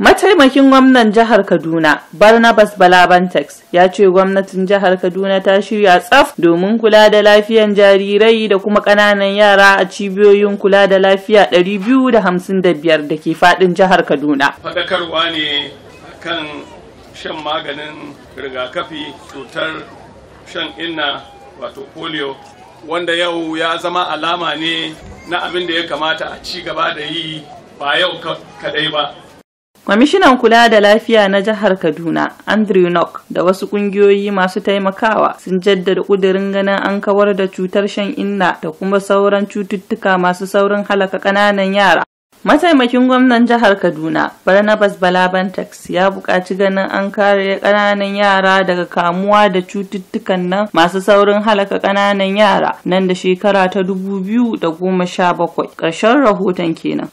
Mataimakin gwamnan jihar Kaduna, Barnabas Balabantex, ya ce gwamnatin jihar Kaduna ta shirya tsaf domin kula da lafiyan jarirai da kuma ƙananan yara a cibiyoyin kula da lafiya 255 da ke faɗin jihar Kaduna. Faɗakarwa ne kan shan maganin rigakafi cutar shan inna wato polio wanda yau ya zama alama ne na abin da ya kamata a ci gaba da yi ba yau kaɗai ba. Kwamishinan kula da lafiya na jihar Kaduna, Andrew Nock, da wasu ƙungiyoyi masu taimakawa sun jaddada kudirin ganin an kawar da cutar shan inna da kuma sauran cututtuka masu saurin halaka ƙananan yara. Mataimakin gwamnan jihar Kaduna, Barnabas Balabantex ya buƙaci ganin an kare ƙananan yara daga kamuwa da cututtukan nan masu saurin halaka ƙananan yara nan da shekara ta 2017. Ƙarshen rahoton kenan.